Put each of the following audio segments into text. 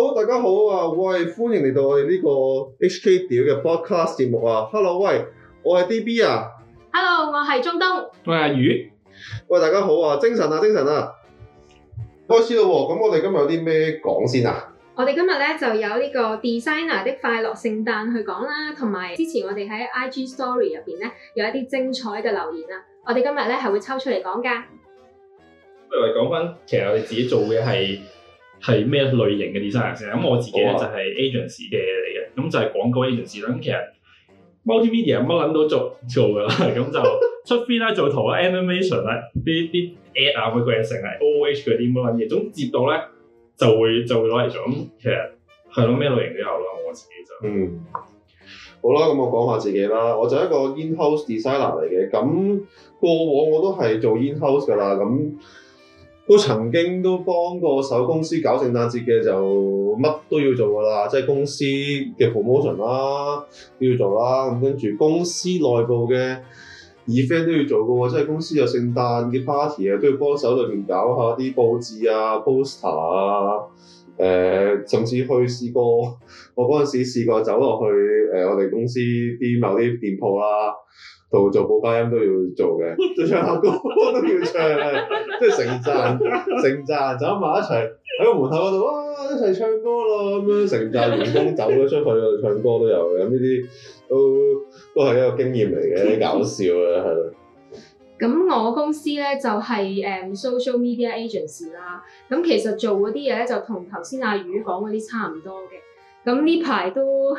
好，大家好啊！喂，歡迎嚟到我哋呢個 HK 屌嘅 podcast 節目啊！Hello，喂，我係 DB 啊！Hello，我係中東。喂，阿、啊、魚。喂，大家好啊！精神啊，精神啊！開始啦！咁我哋今日有啲咩講先啊？我哋今日咧、啊、就有呢個 designer 的快樂聖誕去講啦、啊，同埋之前我哋喺 IG story 入邊咧有一啲精彩嘅留言啊。我哋今日咧係會抽出嚟講噶。不如講翻，其實我哋自己做嘅係。係咩類型嘅 designer 先？咁我自己咧、啊、就係 agency 嘅嚟嘅，咁就係廣告 agency 啦。咁其實 multimedia 乜撚都做做嘅啦，咁就出片咧做圖啦，animation 啦，啲啲 ad 啊嗰啲嘢成係 oh 嗰啲乜撚嘢，總接到咧就會就會攞嚟做。咁其實係咯，咩類型都有啦。我自己就嗯，好啦，咁我講下自己啦。我就係一個 in-house designer 嚟嘅，咁過往我都係做 in-house 噶啦，咁。都曾經都幫過手公司搞聖誕節嘅，就乜都要做㗎啦，即係公司嘅 promotion 啦都要做啦，咁跟住公司內部嘅 event 都要做㗎喎，即係公司有聖誕嘅 party 啊都要幫手裡面搞下啲佈置啊 poster 啊，誒、呃、甚至去試過，我嗰陣時試過走落去誒、呃、我哋公司啲某啲店鋪啦。做做播音都要做嘅，做唱下歌都要唱啊，即係成站成站走埋一齊喺個門口嗰度啊，一齊唱歌咯咁樣，成站員工走咗出去唱歌都有嘅呢啲，都都係一個經驗嚟嘅， 搞笑啊，係咯。咁我公司咧就係、是、誒、um, social media agency 啦，咁其實做嗰啲嘢咧就同頭先阿魚講嗰啲差唔多嘅。咁呢排都，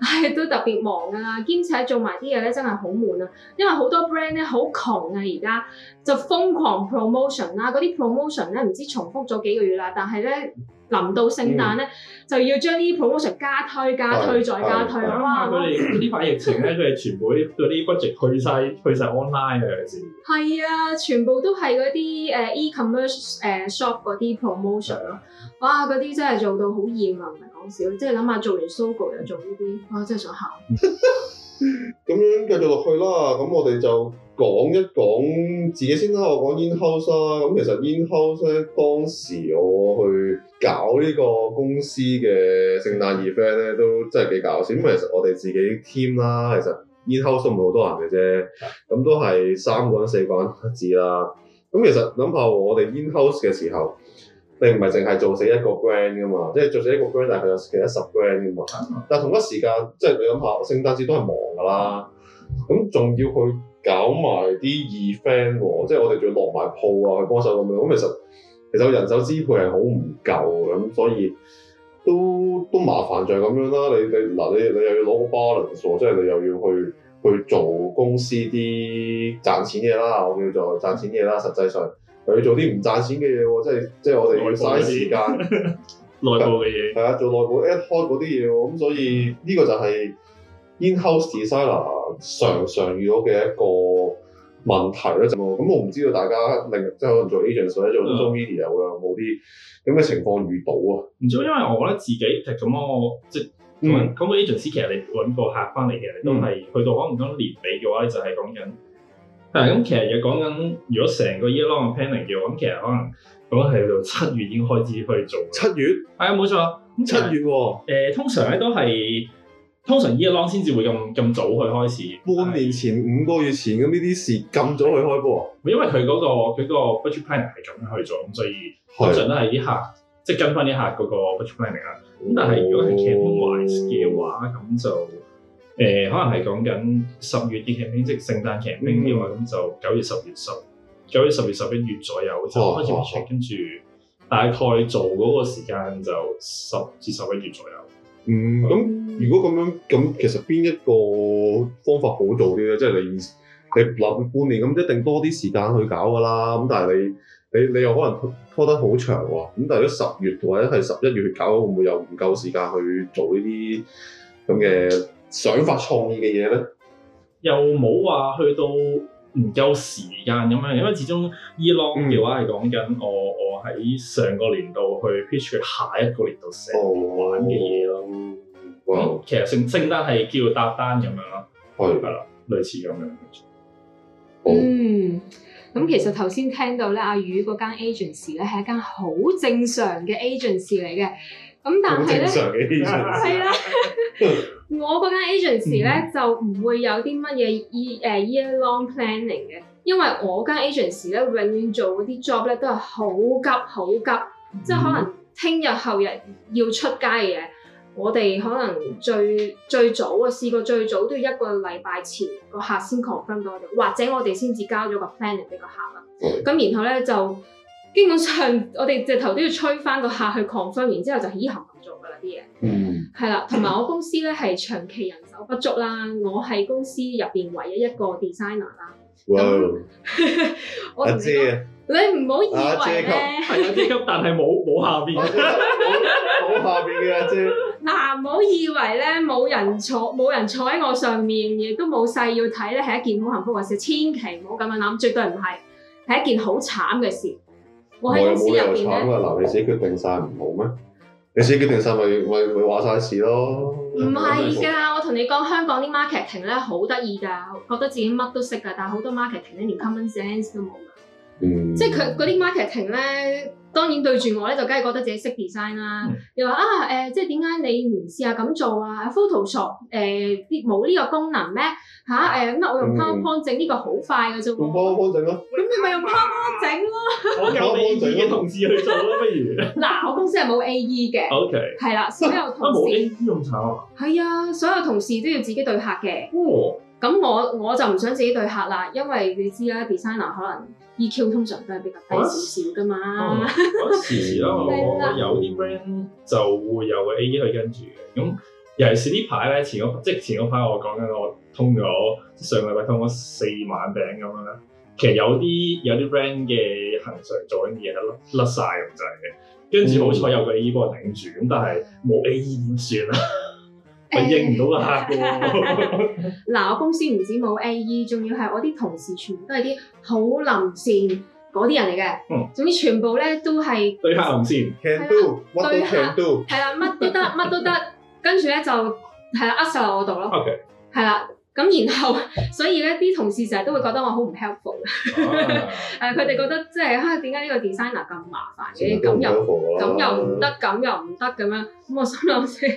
唉，都特別忙㗎喇，兼且做埋啲嘢咧，真係好悶啊，因為好多 brand 咧好窮啊，而家就瘋狂 promotion 啦、啊，嗰啲 promotion 咧、啊、唔知重複咗幾個月啦，但係咧。臨到聖誕咧，嗯、就要將啲 promotion 加，加，加推、加推、再加推啊！佢哋呢排疫情咧，佢哋全部嗰啲 budget 去晒 去晒 online 係咪先？係啊，全部都係嗰啲誒 e-commerce 誒 shop 嗰啲 promotion 咯。哇，嗰啲真係做到好厭啊，唔係講笑，即係諗下做完 Sogo 又做呢啲，哇，真係想喊！咁 樣繼續落去啦，咁我哋就。講一講自己先啦，我講 InHouse 啦。咁其實 InHouse 咧，當時我去搞呢個公司嘅聖誕二 friend 咧，都真係幾搞笑。咁其實我哋自己 team 啦，其實 InHouse 都唔係好多人嘅啫，咁都係三個人四個人一至啦。咁其實諗下，我哋 InHouse 嘅時候，並唔係淨係做死一個 brand 噶嘛，即係做死一個 brand，但係其實其他十 brand 噶嘛。但係同一時間，即係你諗下，聖誕節都係忙噶啦，咁仲要去，搞埋啲 event 喎，即係我哋仲要落埋鋪啊、去幫手咁樣，咁其實其實人手支配係好唔夠咁，所以都都麻煩就係咁樣啦。你你嗱你你又要攞個 balance 即係你又要去去做公司啲賺錢嘢啦，我叫做賺錢嘢啦。實際上又要做啲唔賺錢嘅嘢喎，即係即係我哋要嘥時間內部嘅嘢加，係啊， 做內部一開嗰啲嘢喎，咁所以呢個就係、是。In-house designer 常常遇到嘅一個問題就咁，我唔知道大家另即係可能做 agency 做 social media 嘅有冇啲咁嘅情況遇到啊？唔知因為我覺得自己咁，我即係講 agency 其實你揾個客翻嚟，其實都係去到可能今年尾嘅話，就係、是、講但係咁。其實又講緊如果成個 year-long planning 嘅話，咁其實可能講係到七月已經開始去做七月係啊，冇、哎、錯。咁七月喎、哦呃，通常咧都係。通常 year long 先至會咁咁早去開始，半年前是五個月前咁呢啲事，咁早去開播啊？因為佢嗰、那個佢個 budget planning 係咁去做，咁所以是通常都係呢下，即、就、係、是、跟翻呢下嗰個 budget planning 啊。咁但係如果係 campaign wise 嘅話，咁、哦、就誒、呃、可能係講緊十月嘅 campaign 即係聖誕 campaign 嘅、嗯、話，咁就九月、十月、十九月、十月、十一月左右就開始 budget，跟住大概做嗰個時間就十至十一月左右。啊。嗯，咁如果咁樣咁，其實邊一個方法好做啲咧？即係你你諗半年咁，一定多啲時間去搞噶啦。咁但係你你你又可能拖，拖得好長喎。咁但係如果十月或者係十一月去搞，會唔會又唔夠時間去做呢啲咁嘅想法創意嘅嘢咧？又冇話去到唔夠時間咁樣，因為始終 year long 嘅話係講緊我我喺上個年度去 pitch 下一個年度成年玩嘅嘢咯。嗯、其實聖聖誕係叫搭單咁樣咯，係啦，類似咁樣。嗯，咁其實頭先聽到咧，阿魚嗰間 agency 咧係一間好正常嘅 agency 嚟嘅。咁但係咧，係啦，啊、 我嗰間 agency 咧就唔會有啲乜嘢 year 誒 year long planning 嘅，因為我間 agency 咧永遠做嗰啲 job 咧都係好急好急，即係可能聽日後日要出街嘅。我哋可能最最早啊，試過最早都要一個禮拜前個客先 confirm 到我哋，或者我哋先至交咗個 plan 俾個客啦。咁、嗯、然後咧就基本上我哋直頭都要吹翻個客去 confirm，然之後就依行咁做噶啦啲嘢。嗯，係啦，同埋我公司咧係長期人手不足啦。我喺公司入邊唯一一個 designer 啦。哇， 我同你講啊，你唔好以為咧，係、啊、 有啲急，但係冇冇下邊、啊，冇、啊、下邊嘅啦，知、啊。 嗱，唔好、啊、以為咧冇人坐冇人坐喺我上面，亦都冇勢要睇咧，係一件好幸福嘅事，還是千祈唔好咁樣諗，絕對唔係，係一件好慘嘅事。我又冇又慘噶，嗱，你自己決定晒唔好咩？了了你自己決定晒咪會會話晒事咯。唔係㗎，我同你講，香港啲 marketing 咧好得意㗎，我覺得自己乜都識㗎，但係好多 marketing 連 common sense 都冇。嗯、即係佢嗰啲 marketing 咧，當然對住我咧就梗係覺得自己識 design 啦。嗯、又話啊誒、呃，即係點解你唔試下咁做啊？Photoshop 誒、呃、啲冇呢個功能咩吓？誒、啊？咁、呃、啊我用 PowerPoint 整呢個好快嘅啫，嗯嗯嗯、用 PowerPoint 咯、啊，咁你咪用 PowerPoint 整咯。我教我嘅同事去做啦，嗯、不如嗱， 我公司係冇 AE 嘅，OK，係啦，所有同事、啊、冇 AE 咁慘啊，所有同事都要自己對客嘅，咁、哦、我我就唔想自己對客啦，因為你知啦，designer 可能。EQ 通常都係比較低少少㗎嘛、啊，嗰時因為我有啲點 friend、嗯、就會有個 A E 去跟住嘅，咁、嗯、尤其是呢排咧，前即係前嗰排我講緊我通咗上禮拜通咗四晚餅咁樣咧，其實有啲有啲 friend 嘅恆常做緊嘅嘢都甩甩晒咁滯嘅，跟住好彩有個 A E 幫我頂住，咁但係冇 A E 點算啦。我認唔到啦！嗱，我公司唔止冇 AE，仲要係我啲同事全部都係啲好臨線嗰啲人嚟嘅。嗯，總之全部咧都係對客臨線，can do，what do can do，係啦，乜都得，乜都得。跟住咧就係啊，壓曬落我度咯。OK，係啦。咁然後，所以咧啲同事成日都會覺得我好唔 helpful。係，佢哋覺得即係呀點解呢個 designer 咁麻煩嘅？咁又咁又唔得，咁又唔得咁樣。咁我心諗先，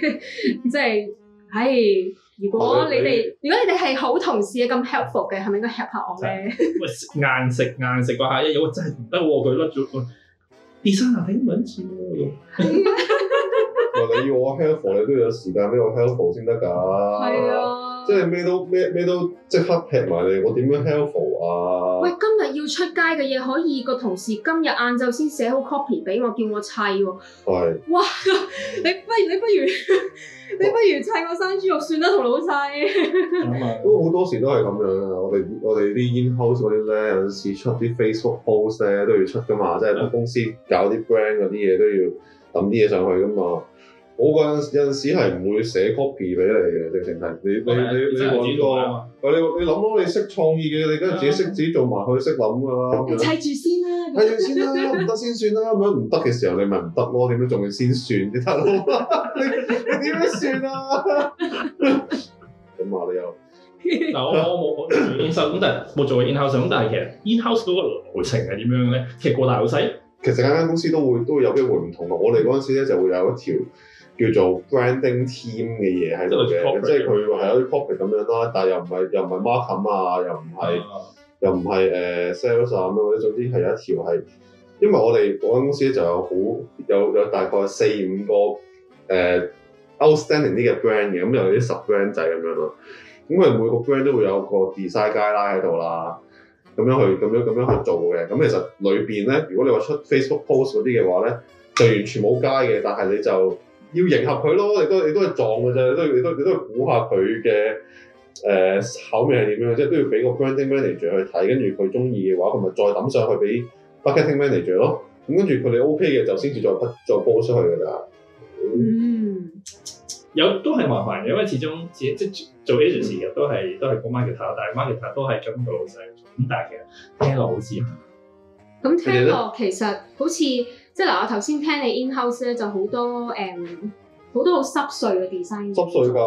即係。係、哎，如果你哋你如果你哋係好同事嘅咁 helpful 嘅，係咪應該 help 下我咧？喂，硬食硬食過下，一日我真係唔得喎，佢甩咗。design 英文字啊，我啊你，你要我 helpful，你都要有時間俾我 helpful 先得㗎。係啊。即係咩都咩咩都即刻劈埋你，我點樣 helpful 啊？喂，今日要出街嘅嘢可以個同事今日晏晝先寫好 copy 俾我，叫我砌喎、哦。係是。哇！你不如你不如哇 你不如砌我生豬肉算啦，同老細。都好的 多時都係咁樣啊！我哋我哋啲 in house 嗰啲咧，有時出啲 Facebook post 咧都要出噶嘛，即係啲公司搞啲 brand 嗰啲嘢都要抌啲嘢上去噶嘛。我嗰陣有陣時係唔會寫 copy 俾你嘅，直情係你你你你講呢個，誒你你諗咯，你識創意嘅，你梗係自己識自己做埋，去識諗㗎啦。砌住先啦，砌住先啦，唔得先算啦，咁樣唔得嘅時候你咪唔得咯，點都仲要先算，你得咯，你點樣算啊？起碼你又嗱，我我冇我 in house 咁大，冇做 in house 咁大，其實 in house 嗰個流程係點樣咧？其實個大老細，其實間間公司都會都會有機會唔同嘅。我哋嗰陣時咧就會有一條。叫做 branding team 嘅嘢喺度嘅，即係佢係有啲 topic 咁樣啦，但係又唔係又唔係 mark 咁啊，又唔係又唔係誒 sales 啊咁樣，總之係有一條係，因為我哋嗰間公司咧就有好有有大概四五個誒、uh, outstanding 啲嘅 brand 嘅，咁有啲十 brand 仔咁樣咯。咁佢每個 brand 都會有個 design guy 喺度啦，咁樣去咁樣咁樣去做嘅。咁其實裏邊咧，如果你出話出 Facebook post 嗰啲嘅話咧，就完全冇街嘅，但係你就。要迎合佢咯，亦都亦都係撞嘅啫，你都亦都亦都係估下佢嘅誒口味係點樣，即係都要俾個 branding manager 去睇，跟住佢中意嘅話，佢咪再抌上去俾 marketing manager 咯。咁跟住佢哋 O K 嘅，就先至再再播出去㗎啦。嗯，有都係麻煩嘅，因為始終自己即做 agent 時日都係都係幫 marketing 但係 marketing 都係跟個老細。咁但係其實聽落好似咁聽落，其實好似。即係嗱，我頭先聽你 in-house 咧，就好多誒，好、嗯、多好濕碎嘅 design 嘅。濕碎㗎，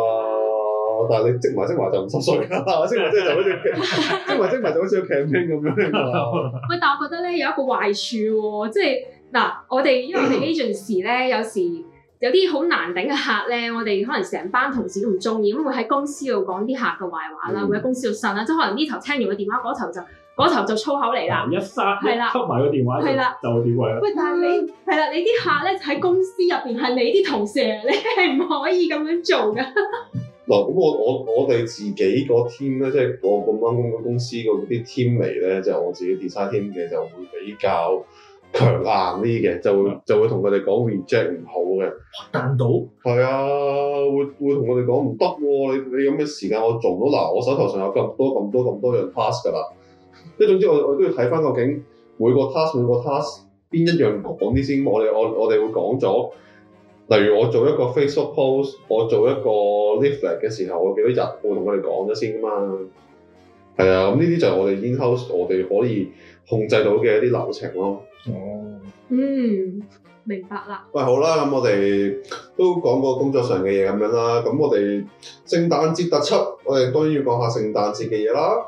但係你積埋積埋就唔濕碎啦，積埋積埋就好似積埋積埋就好似 c a 咁樣喂， 但我覺得咧有一個壞處喎、哦，即係嗱，我哋因為我哋 agent 時咧， 有時有啲好難頂嘅客咧，我哋可能成班同事都唔中意，咁會喺公司度講啲客嘅壞話啦，會喺、嗯、公司度呻啦，即係可能呢頭聽完個電話嗰頭就。嗰頭就粗口嚟啦、嗯，一塞係啦，執埋個電話，係啦了，就點為啦？喂，但係你係啦，你啲客咧喺公司入邊係你啲同事，你係唔可以咁樣做㗎。嗱、嗯，咁我我我哋自己個 team 咧，即、就、係、是、我咁啱咁公司個啲 team 嚟咧，就係、是、我自己 design team 嘅，就會比較強硬啲嘅，就會就會同佢哋講 reject 唔好嘅，彈到係啊，會會同佢哋講唔得喎，你你咁嘅時間我做到？嗱、啊，我手頭上有咁多咁多咁多樣 pass 㗎啦。即係總之，我我都要睇翻，究竟每個 task 每個 task 邊一樣講啲先。我哋我我哋會講咗，例如我做一個 Facebook post，我做一個 leaflet 嘅時候，我幾多日會同佢哋講咗先噶嘛。係啊，咁呢啲就係我哋 in-house 我哋可以控制到嘅一啲流程咯。哦，嗯，明白啦。喂，好啦，咁、嗯、我哋都講過工作上嘅嘢咁樣啦，咁我哋聖誕節特輯，我哋當然要講下聖誕節嘅嘢啦。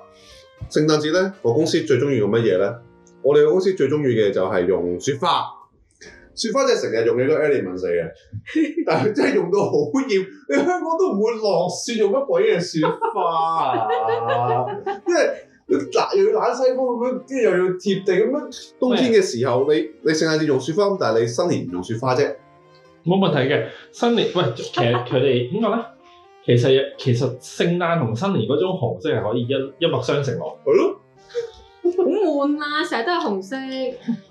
聖誕節咧，我公司最中意用乜嘢咧？我哋公司最中意嘅就係用雪花，雪花即係成日用嘅都 element 嚟嘅， 但係真係用到好厭。你香港都唔會落雪，用乜鬼嘢雪花啊？即係 又要冷西風，跟住又要貼地咁樣。冬天嘅時候，喂你你聖誕節用雪花，但係你新年唔用雪花啫。冇問題嘅，新年喂，其實佢哋點講咧？其實其實聖誕同新年嗰種紅色係可以一一脈相承咯。換啦，成日都係紅色。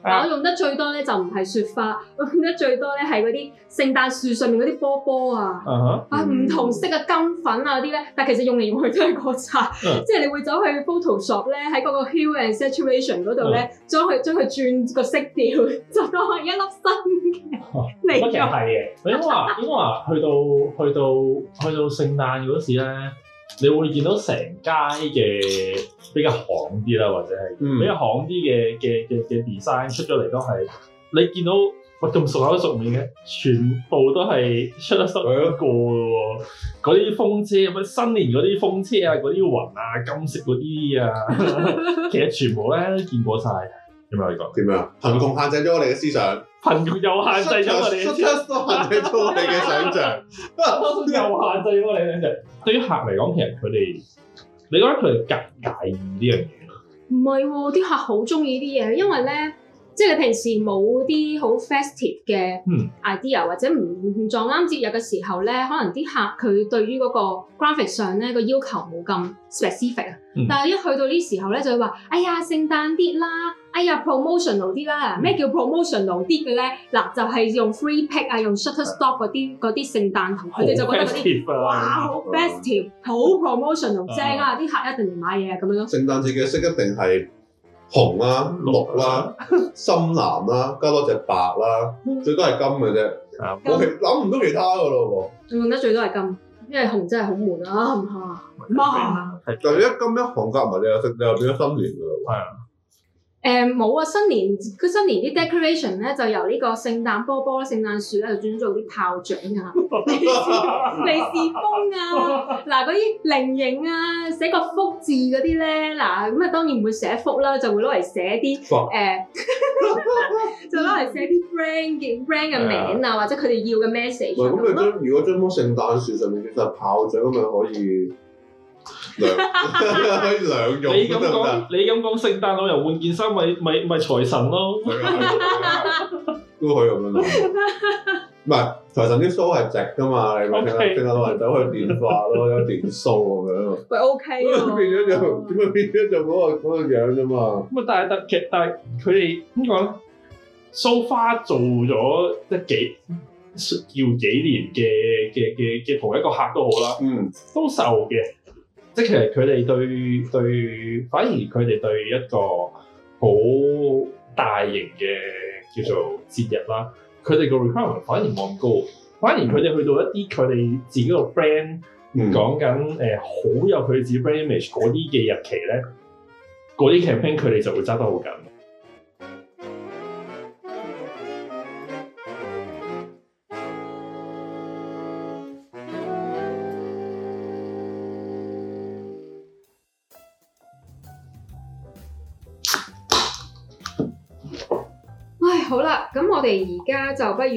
但我用得最多咧就唔係雪花，用得最多咧係嗰啲聖誕樹上面嗰啲波波、uh huh. 啊，啊唔同色嘅金粉啊啲咧。但係其實用嚟用去都係嗰扎，uh huh. 即係你會走去 Photoshop 咧，喺嗰個 Hue and Saturation 嗰度咧、uh huh.，將佢將佢轉個色調，就當係一粒新嘅。不過其實係嘅，應該話應該話去到去到去到聖誕嗰時咧。你會見到成街嘅比較行啲啦，或者係、嗯、比較行啲嘅嘅嘅嘅 design 出咗嚟都係，你見到嘩咁熟口熟面嘅，全部都係出得出得過嘅。嗰啲風車，新年嗰啲風車啊，嗰啲雲啊，金色嗰啲啊， 其實全部咧見過晒。有冇可以講？點樣貧窮限制咗我哋嘅思想？限又限制咗我哋嘅消費者嘅想像， 又限制咗我哋嘅想像。想像 對於客嚟講，其實佢哋，你覺得佢哋介唔介意呢樣嘢啊？唔係喎，啲、哦、客好中意啲嘢，因為咧，即係你平時冇啲好 festive 嘅 idea，嗯、或者唔撞啱節日嘅時候咧，可能啲客佢對於嗰個 graphic 上咧個要求冇咁 specific 啊。嗯、但係一去到呢時候咧，就會話：哎呀，聖誕啲啦！哎呀，promotional 啲啦，咩叫 promotional 啲嘅咧？嗱，就係用 free pack 啊，用 Shutterstock 嗰啲啲聖誕圖，佢哋就覺得啲啊好 festive 好 promotional 正啊，啲客一定嚟買嘢咁樣咯。聖誕節嘅色一定係紅啊、綠啦、深藍啦，加多隻白啦，最多係金嘅啫，我諗唔到其他噶咯喎。用得最多係金，因為紅真係好悶啊，唔怕，唔怕。但係一金一紅夾埋，你又你又變咗新年噶啦，係啊。誒冇啊！新年佢新年啲 decoration 咧，就由呢個聖誕波波、聖誕樹咧，轉咗做啲炮仗啊、利是、利是封啊，嗱嗰啲菱形啊，寫個福字嗰啲咧，嗱咁啊當然唔會寫福啦，就會攞嚟寫啲誒，欸、就攞嚟寫啲 brand 嘅 brand 嘅名啊，或者佢哋要嘅 message。咁，你將如果將封聖誕樹上面結曬炮仗咁，咪可以？兩可以兩用。你咁講，行行你咁講，聖誕老人換件衫咪咪咪財神咯，都可以咁樣諗咯。唔係財神啲鬚係直㗎嘛？聖誕聖誕老人走去電髮咯，有電鬚咁樣。喂 But OK 咯。變咗就變咗就嗰個嗰個樣啫嘛。咁啊，但係得，但係佢哋點講咧？So far，做咗得幾要幾年嘅嘅嘅嘅同一個客都好啦。嗯、mm.，都熟嘅。即係其實佢哋對對，反而佢哋對一個好大型嘅叫做節日啦，佢哋個、嗯、requirement 反而冇咁高，嗯、反而佢哋去到一啲佢哋自己個 friend 講緊誒好有佢自己 brand image 嗰啲嘅日期咧，嗰啲 campaign 佢哋就會揸得好緊。我哋而家就不如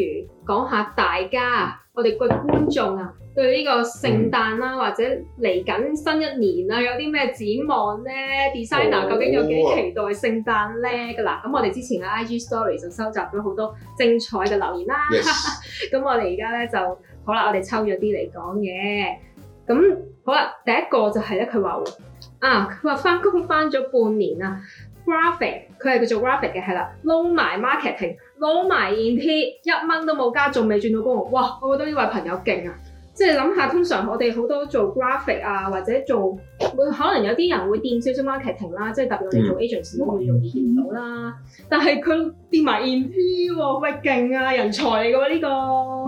講下大家我哋個觀眾啊，對呢個聖誕啦，或者嚟緊新一年啊，有啲咩展望咧？Designer、oh. 究竟有幾期待聖誕咧？噶啦，咁我哋之前嘅 IG Story 就收集咗好多精彩嘅留言啦。咁 Yes. 我哋而家咧就，好啦，我哋抽咗啲嚟講嘢。咁好啦，第一個就係咧，佢話啊，佢話返工返咗半年啊，Graphic，佢係叫做 Graphic 嘅，係啦，撈埋 marketing。攞埋 n 貼一蚊都冇加，仲未轉到工喎，哇！我覺得呢位朋友勁啊！即係諗下，通常我哋好多做 graphic 啊，或者做會可能有啲人會掂少少 marketing、啊、啦，即係特別我哋做 agent 都會掂到啦。但係佢掂埋現貼喎，咪勁啊！人才嚟嘅喎呢個。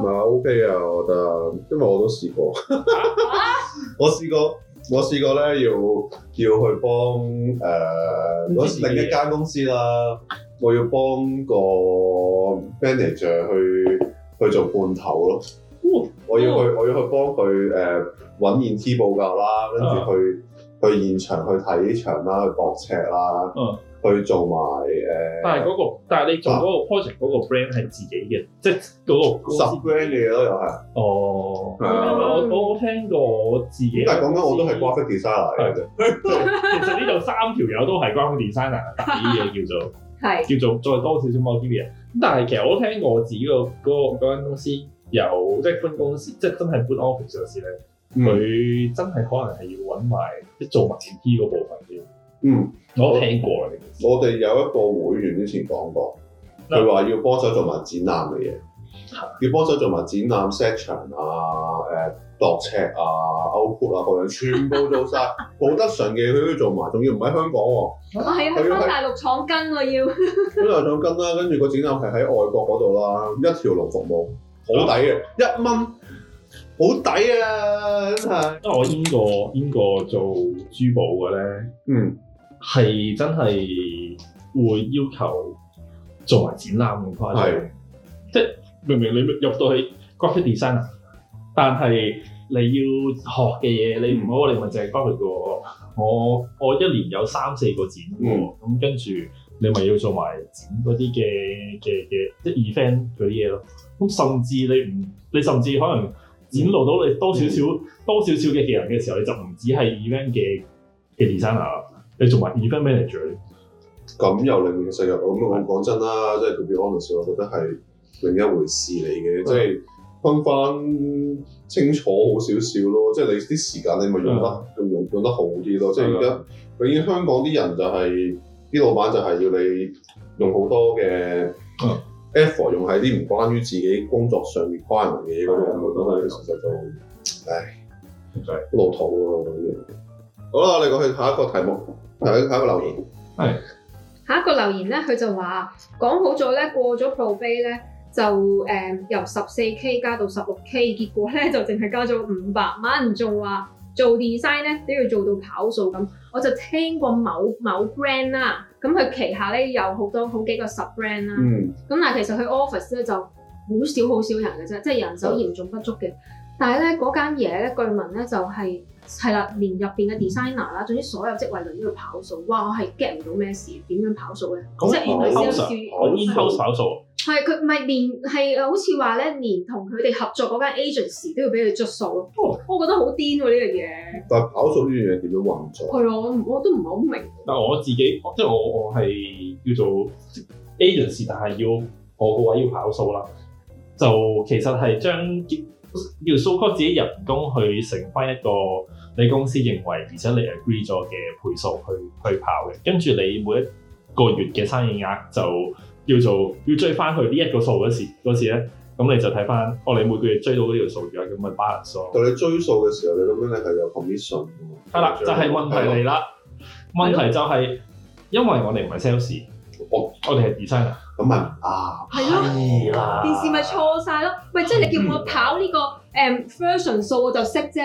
係 OK 啊，okay、我覺得，因為我都試過，啊、 我試過，我試過咧要要去幫誒、呃、知另一間公司啦。 我要幫個 manager 去去做罐頭咯，我要去我要去幫佢誒揾驗資報告啦，跟住去去現場去睇啲場啦，去駁尺啦，去做埋誒。但係嗰、那個，但係你做嗰 project 嗰、啊、個 brand 係自己嘅，即係、那、嗰個十 brand 嘅嘢咯，又、那、係、個。哦，我我聽過我自己但，但係講緊我都係 graphic designer 嚟嘅啫。其實呢度三條友都係 graphic designer，得啲嘢叫做。係是叫做再多少少 marketing 嘅，咁但係其實我聽過我自己、那個嗰間、那個那個、公司有即係分公司，即係真係搬 office 上市咧，佢、嗯、真係可能係要揾埋即做埋 marketing 部分添。嗯，我聽過啦，我哋有一個會員之前講過，佢話、嗯、要幫手做埋展覽嘅嘢。要幫手做埋展覽 set 場啊，誒，度尺啊，output 啊，各樣全部做晒，冇得順嘅，佢都做埋，仲要唔喺香港喎，係啊，去翻大陸廠跟喎要，咁就廠跟啦，跟住個展覽係喺外國嗰度啦，一條龍服務，好抵啊，一蚊，好抵啊，真係，因為我腌過腌過做珠寶嘅咧，嗯，係真係會要求做埋展覽咁誇係，即明明你入到去 graphic designer，但係你要學嘅嘢，你唔好，你咪淨係 graphic 喎。我我一年有三四個展，咁、嗯、跟住你咪要做埋展嗰啲嘅嘅嘅即 event 嗰啲嘢咯。咁、嗯嗯、甚至你唔你甚至可能展露到你多少少、嗯嗯、多少少嘅技能嘅時候，你就唔止係 event 嘅嘅 designer，你做埋 event manager。咁又你一個細入，我我講真啦，即 to be honest 我覺得係。be 另一回事嚟嘅，的即係分翻清楚好少少咯，即係你啲時間你咪用得用的用得好啲咯。即係而家，永遠的香港啲人就係、是、啲老闆就係要你用好多嘅 effort 的用喺啲唔關於自己工作上面關人嘅嘢嗰度，其實就唉好的老土喎呢樣。好啦，我哋講去下一個題目，下一個留言係的下一個留言咧，佢就話講好咗咧，過咗 pro bay 咧。就誒、呃、由十四 K 加到十六 K，結果咧就淨係加咗五百蚊，仲話做 design 咧都要做到跑數咁。我就聽過某某 brand 啦、啊，咁、嗯、佢旗下咧有好多好幾個 sub brand 啦、啊，咁、嗯、但係其實佢 office 咧就好少好少人嘅啫，即係人手嚴重不足嘅。嗯、但係咧嗰間嘢咧，據聞咧就係係啦，連入邊嘅 designer 啦，總之所有職位都要跑數。哇！我係 get 唔到咩事？點樣跑數咧？講即係原來先跑數。是係，佢唔係連係好似話咧，連同佢哋合作嗰間 agency 都要俾佢着數咯。哦、我覺得好癲喎呢樣嘢。這個、但係跑數呢樣嘢點樣運作？係啊，我我都唔係好明。但係我自己即係我我係叫做 agency，但係要我個位要跑數啦。就其實係將叫做數科自己人工去乘翻一個你公司認為而且你 agree 咗嘅倍數去去跑嘅，跟住你每一個月嘅生意額就。叫做要追翻去呢一個數嗰時嗰時咧，咁你就睇翻我哋每個月追到呢條數唔該，咁咪 balance 咯。到你追數嘅時候，你咁樣咧係有 commission 㗎嘛？係啦，就係問題嚟啦。問題就係因為我哋唔係 sales，我我哋係 designer，咁咪啊，係啦，電視咪錯晒咯。咪，即係你叫我跑呢個誒 version 數，我就識啫。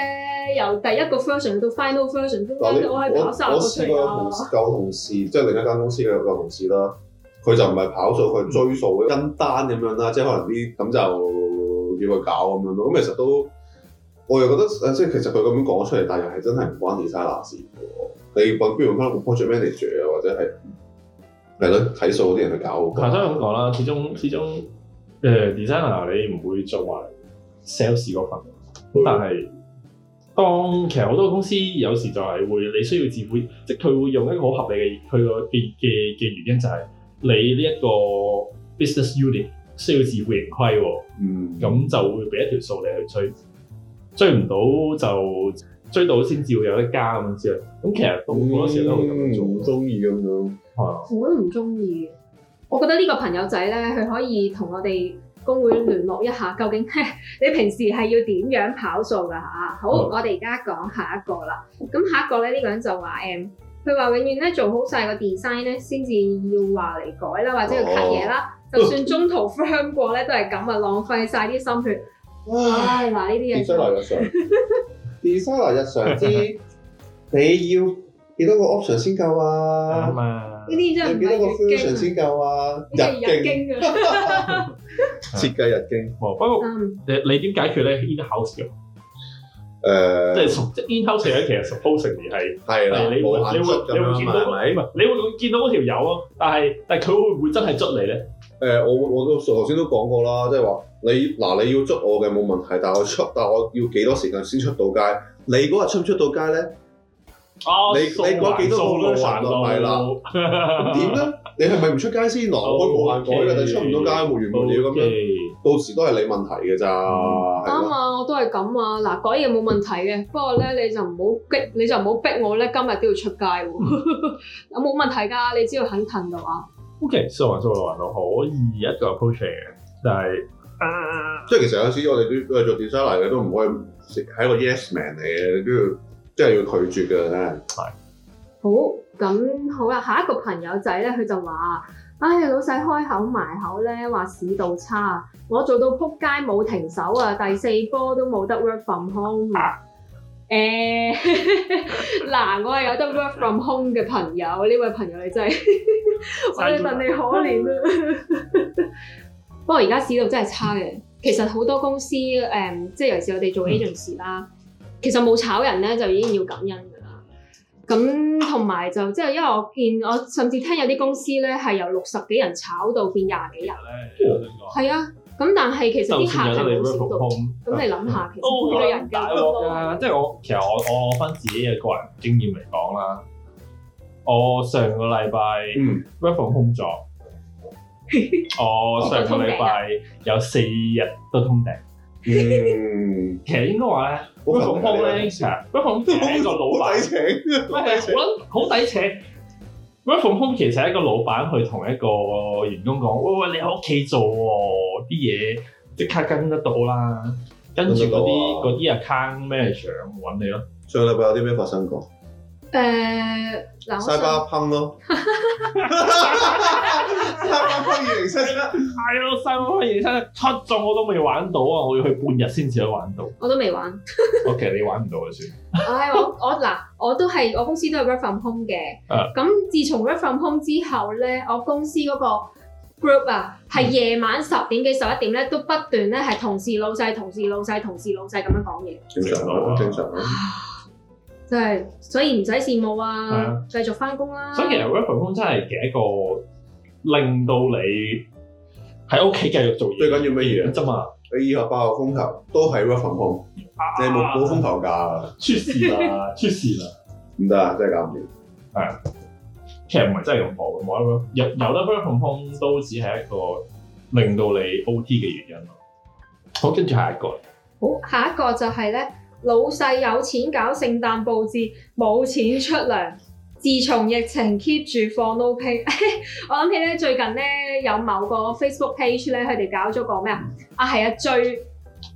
由第一個 version 到 final version，嗱，我我我試過同舊同事，即係另一間公司嘅舊同事啦。佢就唔係跑數，佢、嗯、追數跟單咁樣啦，即係可能啲咁就要去搞咁樣咯。咁其實都我又覺得，即係其實佢咁樣講出嚟，但係係真係唔關 designer 事。你不如揾翻個 project manager 啊，或者係係咯睇數嗰啲人去搞。嗱，所以咁講啦，始終始終誒、 呃、designer 你唔會做埋 sales 嗰份，嗯、但係當其實好多公司有時就係會你需要自負，即係佢會用一個好合理嘅佢個嘅嘅原因就係、係。你呢一個 business unit 需要自負盈虧喎、哦，咁、嗯、就會俾一條數你去追，追唔到就追到先至會有得加咁樣先啦。咁、嗯、其實好多時都係咁樣做，中意咁樣係啊，我都唔中意。我覺得呢個朋友仔咧，佢可以同我哋公會聯絡一下，究竟 你平時係要點樣跑數㗎吓、啊，好，嗯、我哋而家講下一個啦。咁下一個咧，呢、呢個人就話誒。佢話永遠咧做好曬個 design 咧，先至要話嚟改啦，或者要 cut 嘢啦。就算中途翻過咧，都係咁啊，浪費曬啲心血。哇！嗱呢啲嘢。designer 日常。designer 日常之，你要幾多個 option 先夠啊？嘛。呢啲真係唔係日經。幾多個 option 先夠啊？日日經㗎。設計日經，不過你你點解決咧？呢啲好重要。誒，即係從即係其實 supposedly 係係啦，你會你會你會見到，你會見到嗰條友咯。但係但係佢會唔會真係捉你咧？誒，我我都頭先都講過啦，即係話你嗱，你要捉我嘅冇問題，但係我出，但我要幾多時間先出到街？你嗰日出唔出到街咧？你你講幾多個 lesson 啦，咁點咧？你係咪唔出街先？我冇無限改嘅，但係出唔到街，無緣無了咁樣。到時都係你問題嘅咋，啱啊！我都係咁啊！嗱，改嘢冇問題嘅，不過咧你就唔好逼，你就唔好逼我咧，今日都要出街，啊。嗱，冇問題㗎，你只要肯騰嘅話。OK，數還數來還去可以一個 approach 嘅，但、uh, 係即係其實有陣時我哋都都係做 designer 嘅，都唔可以係一個 yes man 嚟嘅，都要即係、就是、要拒絕嘅真係好咁好啦，下一個朋友仔咧，佢就話。哎，老細開口埋口咧，話市道差，我做到扑街冇停手啊！第四波都冇得 work from home。誒、欸，嗱， 我係有得 work from home 嘅朋友，呢位朋友你真係，我都戥你可憐啦。 不過而家市道真係差嘅，其實好多公司誒，即、嗯、係尤其是我哋做 agency 啦，其實冇炒人咧，就已經要感恩。咁同埋就即係，因為我見我甚至聽有啲公司咧係由六十幾人炒到變廿幾人，係、嗯、啊。咁但係其實啲、嗯、客係好終始都咁，你諗下，其實好多人嘅。即係我其實我我分自己嘅個人經驗嚟講啦。我上個禮拜，work from h owork from home 我上個禮拜 有四日都通頂。嗯， 其實應該話咧，嗰個奉空其實嗰個係一個老闆，唔係好撚好抵請。嗰個奉其實係一個老闆去同一個員工講： 喂喂，你喺屋企做喎，啲嘢即刻跟得到啦。跟住嗰啲啲 account manager 揾你咯。上個禮拜有啲咩發生過？誒、uh，嗱，西巴烹咯。香港塊月薪啦，係咯，三萬塊月薪咧，出咗我都未玩到啊，我要去半日先至去玩到，我都未玩。我其 k 你玩唔到就算。唉， 我我嗱，我都係我公司都有 w o r from home 嘅。咁、uh, 自從 w o r from home 之後咧，我公司嗰個 group 啊，係夜晚十點幾、十一點咧，都不斷咧係同事老細、同事老細、同事老細咁樣講嘢。正常咯，正常。 就係，所以唔使羨慕啊，啊繼續翻工啦。所以其實 work from home 真係嘅一個令到你喺屋企繼續做嘢最緊要乜嘢？啫嘛！你二十八號風球都係 work from home，你冇冇風球噶？出事啦！出事啦！唔得啊！真係搞唔掂。係啊，其實唔係真係咁好冇得 work from home 有有得 work from home 都只係一個令到你 OT 嘅原因咯。好，跟住下一個。好，下一個就係咧。老細有錢搞聖誕佈置，冇錢出糧。自從疫情 keep 住放 no pay，我諗起呢最近呢有某個 Facebook page 呢，佢哋搞咗個咩啊？啊係啊，最～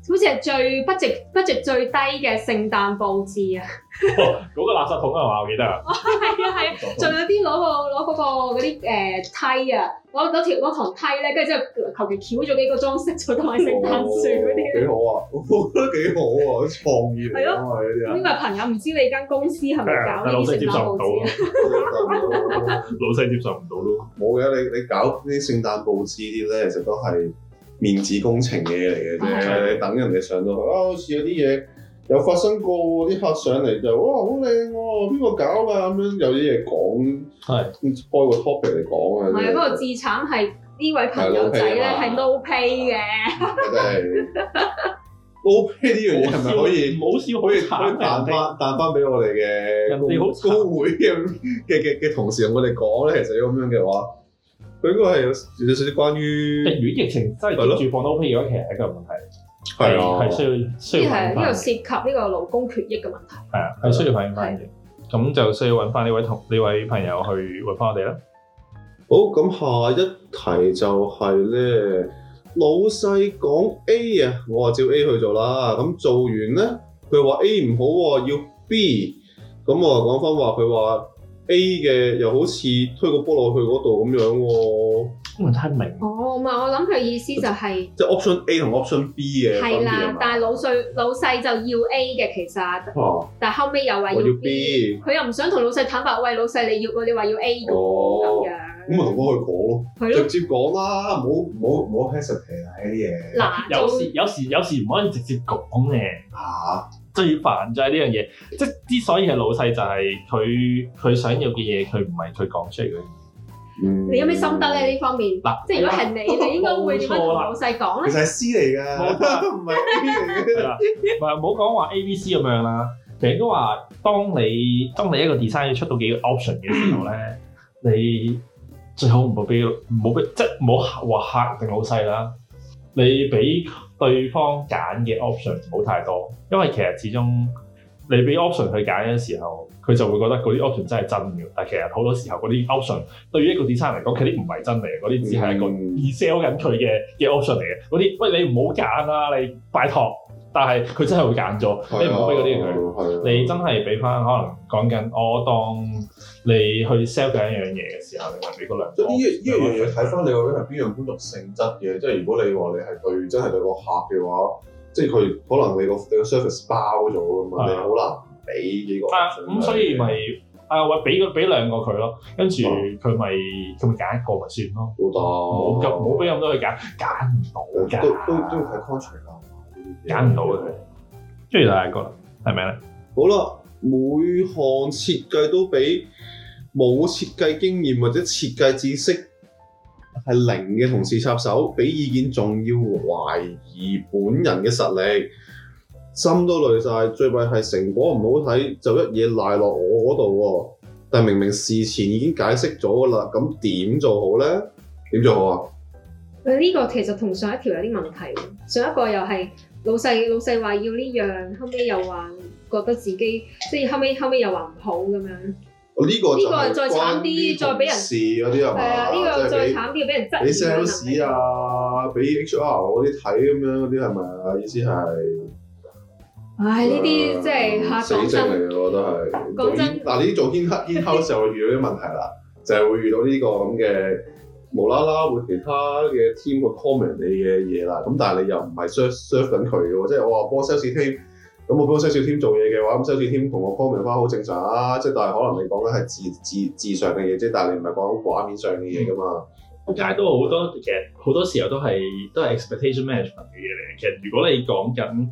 好似係最不值 d g 最低嘅聖誕佈置啊！嗰、哦、個垃圾桶啊嘛，我記得。係啊係，仲 有啲攞個攞嗰啲誒梯啊，攞攞條攞藤梯咧，跟住之後求其撬咗幾個裝飾咗當係聖誕樹嗰啲。幾、哦哦哦、好啊！我覺得幾好啊，創意嚟嘅啲啊！ 因咪朋友唔知你間公司係咪搞聖，老細接受唔到，老細接受唔到都冇嘅。你你搞啲聖誕佈置啲咧，其實都係。面子工程嘅嘢嚟嘅，啫的，解等人哋上到去啊？好似有啲嘢有發生過喎，啲客上嚟就哇好靚喎，邊個、啊、搞㗎咁、啊、樣？有啲嘢講，係的開個 topic 嚟講嘅。唔係，不過自慘係呢位朋友仔咧係 no pay 嘅。no pay 呢樣嘢係咪可以唔好笑？可以可以彈翻彈翻俾我哋嘅好高會嘅嘅嘅嘅同事同我哋講咧，其實要咁樣嘅話。佢應該係有少少關於疫疫疫情的真係攞住房都 OK 咗，其實係一個問題，係啊的，係需要的需要反映翻。呢個涉及呢個勞工權益嘅問題，係啊，係需要反映翻嘅。咁的就需要揾翻呢位同呢的位朋友去揾翻我哋啦。好，咁下一題就係咧，老細講 A 啊，我話照 A 去做啦。咁做完咧，佢話 A 唔好，要 B。咁我話講翻話，佢話。A 嘅又好似推個波落去嗰度咁樣喎、哦嗯哦嗯，我唔係睇唔明。我諗佢意思就係、是、即係 option A 同 option B 嘅，係啦的。吧但係老細老細就要 A 嘅，其實，哦、但係後尾又話要 B，佢、哦、又唔想同老細坦白，喂，老細你要喎，你話要 A 咁、哦、樣，咁咪同佢講咯，的直接講啦，唔好唔好唔好 hesitate 啲嘢。難、啊，有時有時有時唔可以直接講嘅。嚇、啊！最煩就係呢樣嘢，即之所以係老細就係佢佢想要嘅嘢，佢唔係佢講出嚟嗰啲。嗯、你有咩心得咧？呢方面嗱，即係如果係你，你應該會點樣同老細講咧？其實係私嚟㗎，唔係唔係。唔好講話 A B C 咁樣啦。成日都話，當你當你一個 design 出到幾個 option 嘅時候咧， 你最好唔好俾唔好俾，即係唔好嚇話定老細啦。你俾。對方揀嘅 option 唔好太多，因為其實始終你俾 option 去揀嘅時候，佢就會覺得嗰啲 option 真係真嘅。但係其實好多時候嗰啲 option 對於一個資產嚟講，佢啲唔係真嚟嘅，嗰啲只係一個二 sell 緊佢嘅嘅 option 嚟嘅。嗰啲，喂，你唔好揀啊，你拜託。但係佢真係會揀咗，你唔好俾嗰啲佢。你真係俾翻可能講緊，我當你去 sell 緊一樣嘢嘅時候，你俾嗰兩，呢一樣嘢，睇翻你究竟係邊樣工作性質嘅。即係如果你話你係對，真係對個客嘅話，即係佢可能你個你個 service 包咗咁，你好難唔俾呢個。咁所以咪啊，我俾個俾兩個佢咯，跟住佢咪咁咪揀一個咪算咯。都得，冇咁冇俾咁多去揀，揀唔到㗎。都都都要睇 culture 咯。揀唔到佢中意大個啦，係咪咧？好啦，每項設計都俾冇設計經驗或者設計知識係零嘅同事插手，俾意見仲要懷疑本人嘅實力，心都累晒。最弊係成果唔好睇，就一嘢賴落我嗰度喎。但係明明事前已經解釋咗㗎啦，咁點做好咧？點做好啊？呢個其實同上一條有啲問題。上一個又係。老細，老細話要呢樣，後尾又話覺得自己，即係後尾後尾又話唔好咁樣。呢個呢個再慘啲，再俾人試嗰啲啊嘛，即係俾俾 sales 啊，俾 HR 嗰啲睇咁樣嗰啲係咪啊？意思係，唉呢啲即係嚇，死性嚟嘅我覺得係。講真嗱，你做 in-house in-house 嘅時候會遇到啲問題啦，就係會遇到呢個咁嘅。無啦啦會其他嘅 team 個 comment 你嘅嘢啦，咁但係你又唔係 serve serve 緊佢嘅喎，即係、就是哦、我話幫 sales team，咁我幫 sales team 做嘢嘅話，咁 sales team 同我 comment 返好正常啊，即、就、係、是、但係可能你講緊係字字字上嘅嘢啫，但係你唔係講畫面上嘅嘢㗎嘛？咁梗係都好多，嗯、其實好多時候都係都係 expectation management 嘅嘢嚟嘅。其實如果你講緊，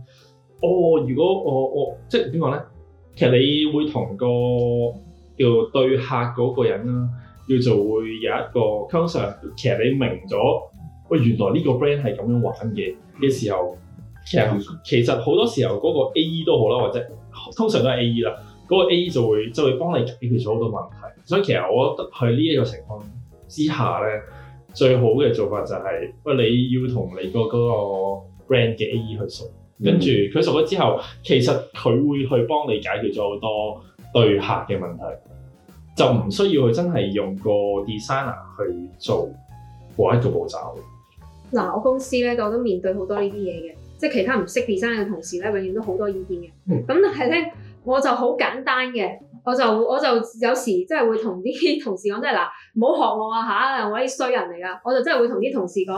哦，如果、哦、我我、哦、即係點講咧，其實你會同個叫對客嗰個人啊。叫做會有一個 consult，其實你明咗，喂，原來呢個 brand 係咁樣玩嘅嘅時候，其實其實好多時候嗰個 A.E 都好啦，或者通常都係 A.E 啦，嗰、嗰個 A.E 就會就會幫你解決咗好多問題。所以其實我覺得喺呢一個情況之下咧，最好嘅做法就係、係，喂你要同你嗰個嗰個 brand 嘅 A.E 去熟，跟住佢熟咗之後，其實佢會去幫你解決咗好多對客嘅問題。就唔需要去真係用個 designer 去做嗰一個步驟。嗱，我公司咧，我都面對好多呢啲嘢嘅，即係其他唔識 design 嘅同事咧，永遠都好多意見嘅。咁、嗯、但係咧，我就好簡單嘅，我就我就有時即係會同啲同事講，即係嗱，唔好學我啊吓、啊，我係衰人嚟噶。我就真係會同啲同事講，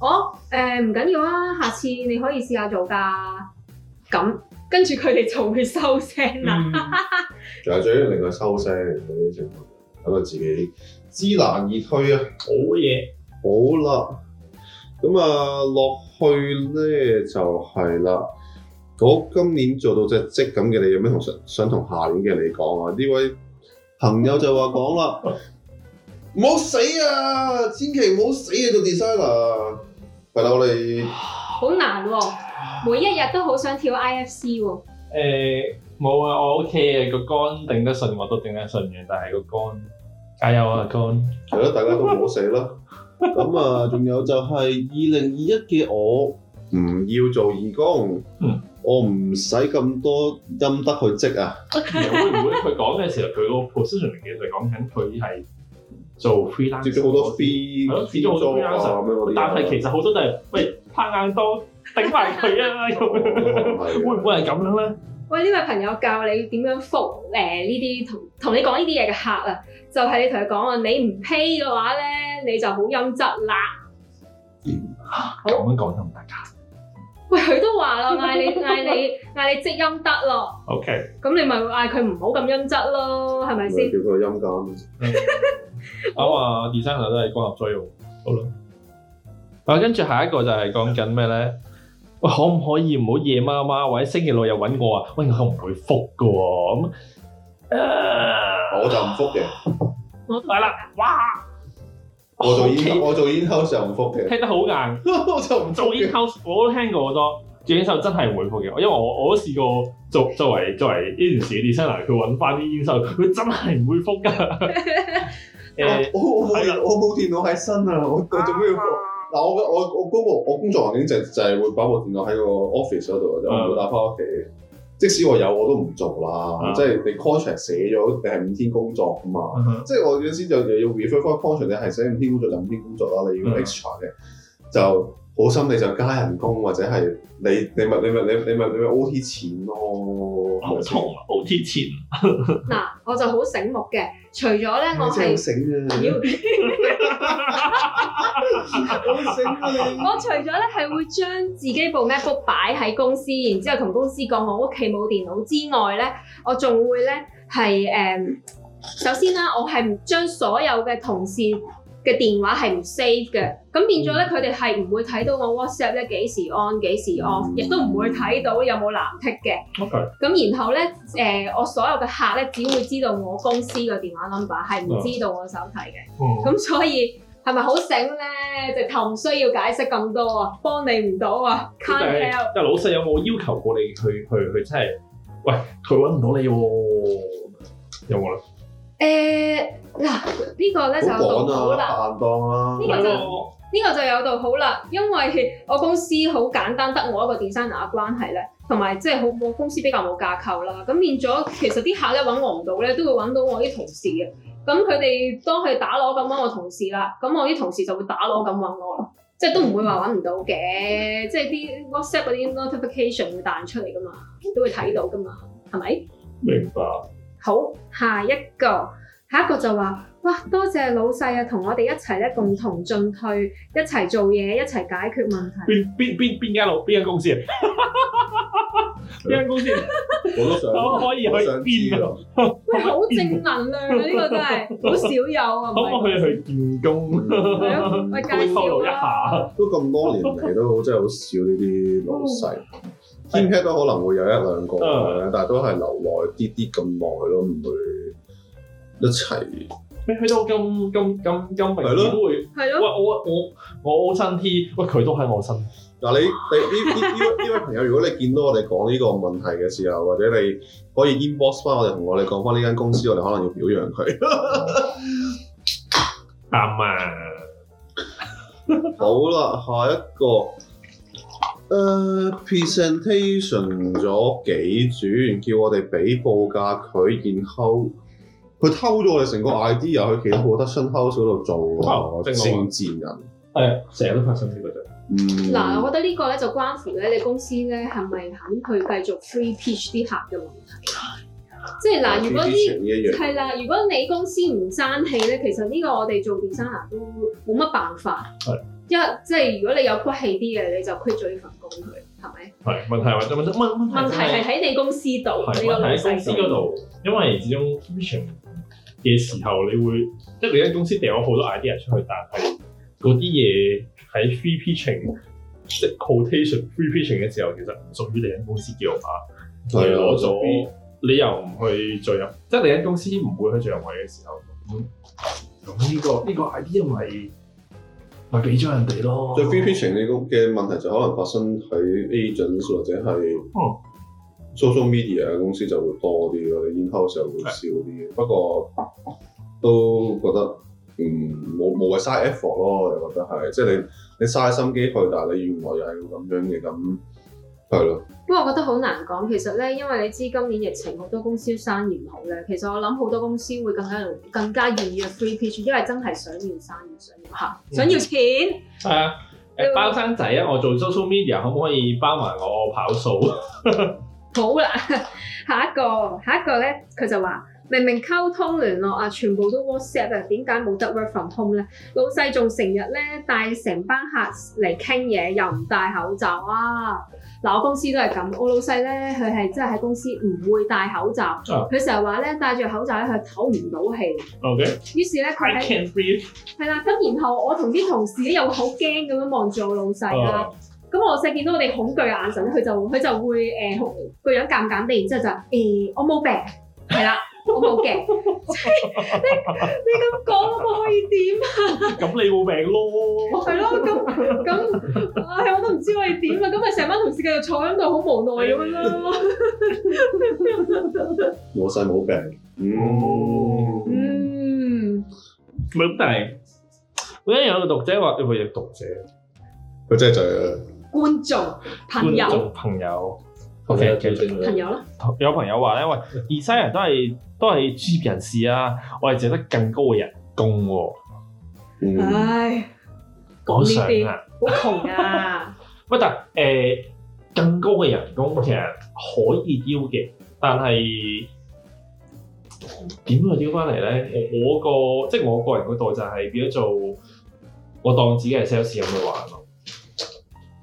哦，誒唔緊要啊，下次你可以試下做㗎、啊。咁跟住佢哋就會收聲啦。嗯仲有最令佢收聲嗰啲情況，咁到自己知難而退啊，害好嘢，好啦、啊，咁啊落去咧就係、是、啦，我、那個、今年做到只職咁嘅你，有咩同想想同下年嘅你講啊？呢位朋友就話講啦，唔好死啊，千祈唔好死啊，做 designer。係啦， 我哋好難喎、哦，每一日都好想跳 I F C 喎、哦。欸冇啊，我 OK 嘅個肝頂得順，我都頂得順嘅。但係個肝，加油啊，肝！係咯，大家都冇死啦？咁啊，仲有就係二零二一嘅我，唔要做義工，我唔使咁多陰德去積啊。會唔會佢講嘅時候，佢個 position 嚟嘅就係講緊佢係做 freelancer，接咗好多 fee，做咗好多 fee，但係其實好多都係喂拍硬檔頂埋佢啊，會唔會係咁樣咧？喂，呢位朋友教你點樣覆誒呢啲同同你講呢啲嘢嘅客啊，就係你同佢講啊，你唔 pay 嘅話咧，你就好陰質啦。嚇，咁樣講得唔得噶？喂，佢都話啦，嗌你嗌你嗌你積陰德咯。OK，咁你咪嗌佢唔好咁陰質咯，係咪先？叫佢陰間。我話 designer 都係光合作用喎。好啦，啊，跟住下一個就係講緊咩咧？可唔可以唔好夜媽媽或者星期六日揾我啊？喂，我唔會覆㗎喎，咁，啊、我就唔覆嘅。係啦，哇！我做 in-house，我做 in-house 唔覆嘅。聽得好硬， 我就唔做 in-house，我都聽過好多，做 in-house 真係唔會覆嘅。因為我我都試過做作為作為 in-house designer，佢揾翻啲 in-house，佢真係唔會覆㗎。誒，我冇我冇電腦喺的身啊！我做都要覆？嗱，我我我工作我工作環境就就係會擺部電腦喺個 office 嗰度，就唔會打翻屋企。即使我有我都唔做啦，的即係你 contract 寫咗定係五天工作㗎嘛，的即係我嗰陣時就又要 refer contract，你係寫五天工作就五天工作啦。你要 extra 嘅的就好心你就加人工或者係你你咪你咪你你咪你咪 OT 錢咯、啊、好、喔、痛、啊、OT 錢嗱，我就好醒目嘅。除咗咧，我係，我除咗咧係會將自己部 MacBook 擺喺公司，然之後同公司講我屋企冇電腦之外咧，我仲會咧係誒，首先啦，我係唔將所有嘅同事嘅電話係唔 save 嘅，咁變咗咧，佢哋係唔會睇到我 WhatsApp 咧幾時 on 幾時 off，亦、嗯、都唔會睇到有冇藍剔嘅。OK。咁然後咧，誒、呃、我所有嘅客咧，只會知道我公司嘅電話 number，係唔知道我手提嘅、啊。嗯。咁所以係咪好醒咧？直頭唔需要解釋咁多啊，幫你唔到啊。但 Can't help。但老細有冇要求過你去去去，即係，喂，佢揾唔到你喎，有冇咧？誒、欸。嗱，啊這個、呢個咧、啊、就有道好啦。呢個就呢、啊、個就有道好啦，因為我公司好簡單，得我一個 designer 關係咧，同埋即係我公司比較冇架構啦。咁變咗，其實啲客咧揾我唔到咧，都會揾到我啲同事嘅。咁佢哋當佢打攞咁揾我同事啦，咁我啲同事就會打攞咁揾我咯。即、就、係、是、都唔會話揾唔到嘅，即、就、係、是、啲 WhatsApp 嗰啲 notification 會彈出嚟噶嘛，都會睇到噶嘛，係咪？明白。好，下一個。下一個就話：哇，多謝老細啊，同我哋一齊咧，共同進退，一齊做嘢，一齊解決問題。邊邊邊邊間老邊間公司啊？邊間公司我都想，我都可以去見咯。喂，好正能量啊！呢個真係好少有啊！可唔可以去見工？喂，介紹啊！都咁多年嚟，都真係好少呢啲老細。天啤都可能會有一兩個，但係都係留耐啲啲咁耐咯，唔會。一齊咩去到咁，今今今明年、啊、都會係咯，喂我我我 OT 喂佢都喺我身。嗱、啊、你你呢呢位朋友如果你見到我哋講呢個問題嘅時候，或者你可以 inbox 翻我哋，同我哋講翻呢間公司，我哋可能要表揚佢。啱。 啊、嗯！嗯嗯、好啦，下一個誒、uh, presentation 咗幾轉，叫我哋俾報價佢，然後。佢偷咗我哋成個 idea 去其他個 Destination House 度做，善戰人係成日都發生呢個嘢。嗱、嗯，我覺得呢個咧就關乎咧你公司咧係咪肯去繼續 free pitch 啲客嘅問題。即係嗱，如果啲係啦，如果你公司唔爭氣咧，其實呢個我哋做電商都冇乜辦法。係是，一即係如果你有骨氣啲嘅，你就 quit 咗呢份工佢，係咪？係，問題係喺邊啫？問題係喺你公司度。係喺公司嗰度，因為始終嘅時候，你會即係你間公司掟咗好多 idea 出去，但係嗰啲嘢喺 free pitching，即係 quotation free pitching 嘅時候，其實唔屬於你間公司叫嘛，係攞咗你又唔去進入，即係你間公司唔會去進入位嘅時候，咁、嗯、呢、個呢、個 idea 咪、就、咪、是、俾咗、就是、人哋咯。即係 free pitching 你嘅問題就可能發生喺 agent 或者喺嗯。social media 公司就會多啲咯，in-house 就會少啲的，不過都覺得唔冇冇謂嘥 effort 咯，又覺得係即係你你嘥心機去，但係你原來又係要咁樣嘅咁係咯。不過我覺得好難講，其實咧，因為你知今年疫情好多公司生意唔好咧，其實我諗好多公司會更加更加願意 free pitch，因為真係想要生意、想要客、嗯、想要錢。係啊的，誒就包生仔啊，我做 social media 可唔可以包埋我，我跑數？ 好啦，下一個，下一個咧，佢就話：明明溝通聯絡啊，全部都 WhatsApp 啊，點解冇得 Work From Home 咧？老細仲成日咧帶成班客嚟傾嘢，又唔戴口罩啊！嗱，我公司都係咁，我老細咧，佢係真係喺公司唔會戴口罩，佢成日話咧戴住口罩咧佢唞唔到氣。OK。於是咧佢係，I can't breathe。係啦，咁然後我同啲同事咧又好驚咁樣望住我老細啦。Oh. 咁我細見到我哋恐懼嘅眼神咧，佢就佢就會誒個樣尷尷哋，然之後就誒，我冇病，係啦，我冇嘅。你你咁講，我可以點啊？咁你冇病咯。係咯，咁咁，唉，我都唔知我係點呀。咁咪成班同事繼續坐喺度，好無奈咁樣咯。我細冇病，嗯嗯，唔係，但係嗰陣有個讀者話：你會有讀者，佢真係醉啦！觀眾朋友，觀眾朋友，O K，繼續啦，朋友咧，有朋友話咧：喂，Designer 都係都係專業人士啊，我係值得更高嘅人工喎，啊。嗯、唉，講想啊， 好窮啊！喂， 但，誒、呃，更高嘅人工其實可以要嘅，但係點去要翻嚟咧？我、那個即係、就是、我個人嗰度就係變咗做，我當自己係 sales 咁去玩咯。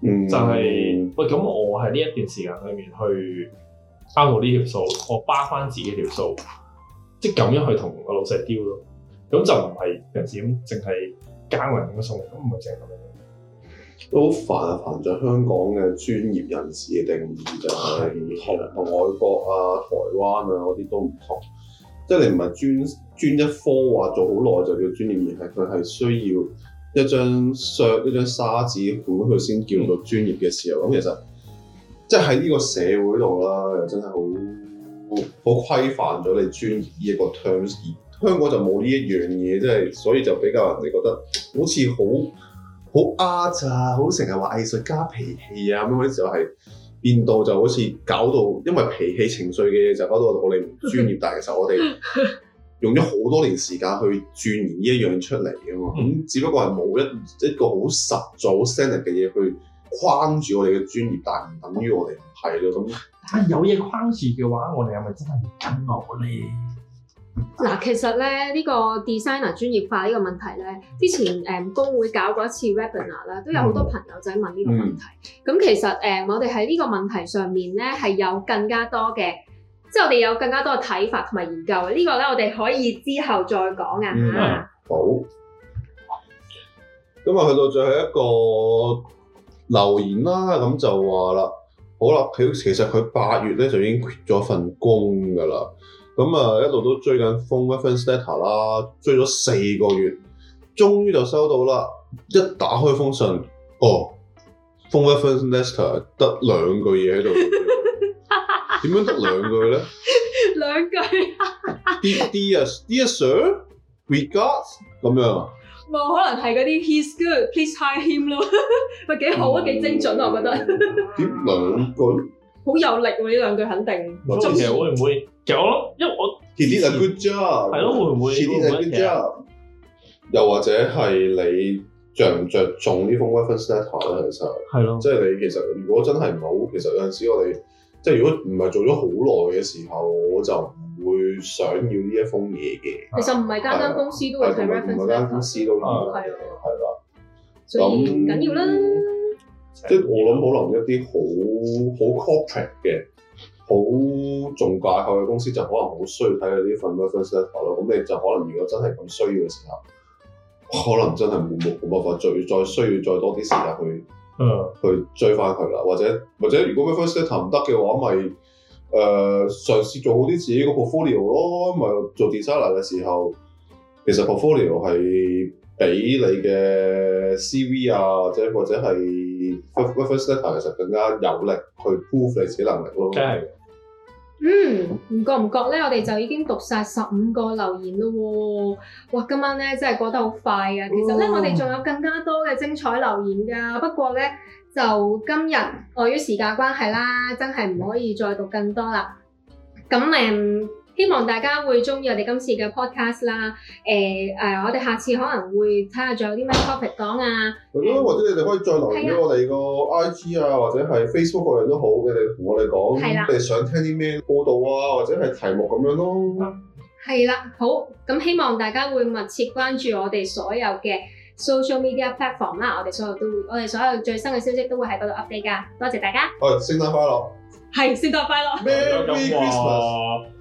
嗯，就係、是、喂，咁我喺呢一段時間裏面去勾到呢條數，我巴翻自己條數，即係咁樣去同個老細丟咯。咁就唔係人事，咁淨係加人咁樣送嚟，咁唔係淨係咁樣。樣都好煩啊！煩在香港嘅專業人士嘅定義就係同外國啊、台灣啊嗰啲都唔同，即係你唔係專專一科話做好耐就叫專業人士，而係佢係需要，一張削一張沙紙判佢先叫到專業嘅時候，咁、嗯、其實即係喺呢個社會度啦，又真係好好規範咗你專業嘅個 terms。香港就冇呢一樣嘢，即係所以就比較人哋覺得好似好好啞咋，好成日話藝術家脾氣啊咁嗰啲時候係變到就好似搞到，因為脾氣情緒嘅嘢就搞到我哋唔專業， 但係其實我哋用咗好多年時間去鑽研呢一樣出嚟啊嘛，咁只不過係冇一一個好實在、好 standard 嘅嘢去框住我哋嘅專業，但唔等於我哋唔係咯咁。啊，有嘢框住嘅話，我哋係咪真係唔跟落咧？嗱，其實咧呢、呢個 designer 專業化呢個問題咧，之前誒工會搞過一次 webinar 啦，都有好多朋友仔問呢個問題。咁、嗯嗯、其實誒我哋喺呢個問題上面咧係有更加多嘅。即係我哋有更加多嘅睇法同埋研究，這個、呢個咧我哋可以之後再講啊、嗯、好。咁啊，去到最後一個留言啦，咁就話啦，好啦，佢其實佢八月咧就已經 quit 咗份工噶啦，咁啊一路都追緊封 reference letter 啦，追咗四個月，終於就收到啦，一打開封信，哦，封 reference letter 得兩句嘢喺度。點樣得兩句咧？兩句，Dear Sir, we got 咁樣啊？冇可能係嗰啲，He's good，Please hire him 咯，咪幾好啊，幾精準啊，我覺得。點兩句？好有力喎！呢兩句肯定。做嘢會唔會？其實我因為我，He did a good job。係咯，會唔會？He did a good job。又或者係你着唔着重呢封 reference letter 咧？其實係咯，即係你其實如果真係唔好，其實有陣時我哋。即係如果唔係做咗好耐嘅時候，我就唔會想要呢一封嘢嘅。其實唔係間間公司都會睇 reference letter。唔係間公司都係。係啦、嗯。咁緊要啦。即係我諗可能一啲好好 corporate 嘅、好重架構嘅公司就可能好需要睇下呢份 reference letter 咯。咁你就可能如果真係咁需要嘅時候，可能真係冇冇冇辦法再再需要，再，需要，再，需要再多啲時間去。嗯，去追翻佢啦，或者或者如果 first letter 唔得嘅話咪誒嘗試做好啲自己個 portfolio 咯，咪做 designer 嘅時候，其實 portfolio 係俾你嘅 CV 啊，或者或者係 first letter 其實更加有力去 prove 你自己能力咯。真嗯，唔覺唔覺呢，我哋就已經讀晒十五個留言喇喎、哦！哇，今晚呢真係過得好快啊！其實呢，哦、我哋仲有更加多嘅精彩留言㗎，不過呢就今日礙於時間關係啦，真係唔可以再讀更多啦。咁誒。嗯希望大家會中意我哋今次嘅 podcast 啦，誒、呃、誒、呃，我哋下次可能會睇下仲有啲咩 topic 講啊，嗯、或者你哋可以再留言俾我哋個 IG 啊，嗯、或者係 Facebook 個人都好，嘅。你哋同我哋講你哋想聽啲咩角度啊，或者係題目咁樣咯。係啦、嗯，好，咁希望大家會密切關注我哋所有嘅 social media platform 啦，我哋所有都會，我哋所有最新嘅消息都會喺度 update 噶。多謝大家。哦，聖誕快樂！係聖誕快樂。Merry Christmas.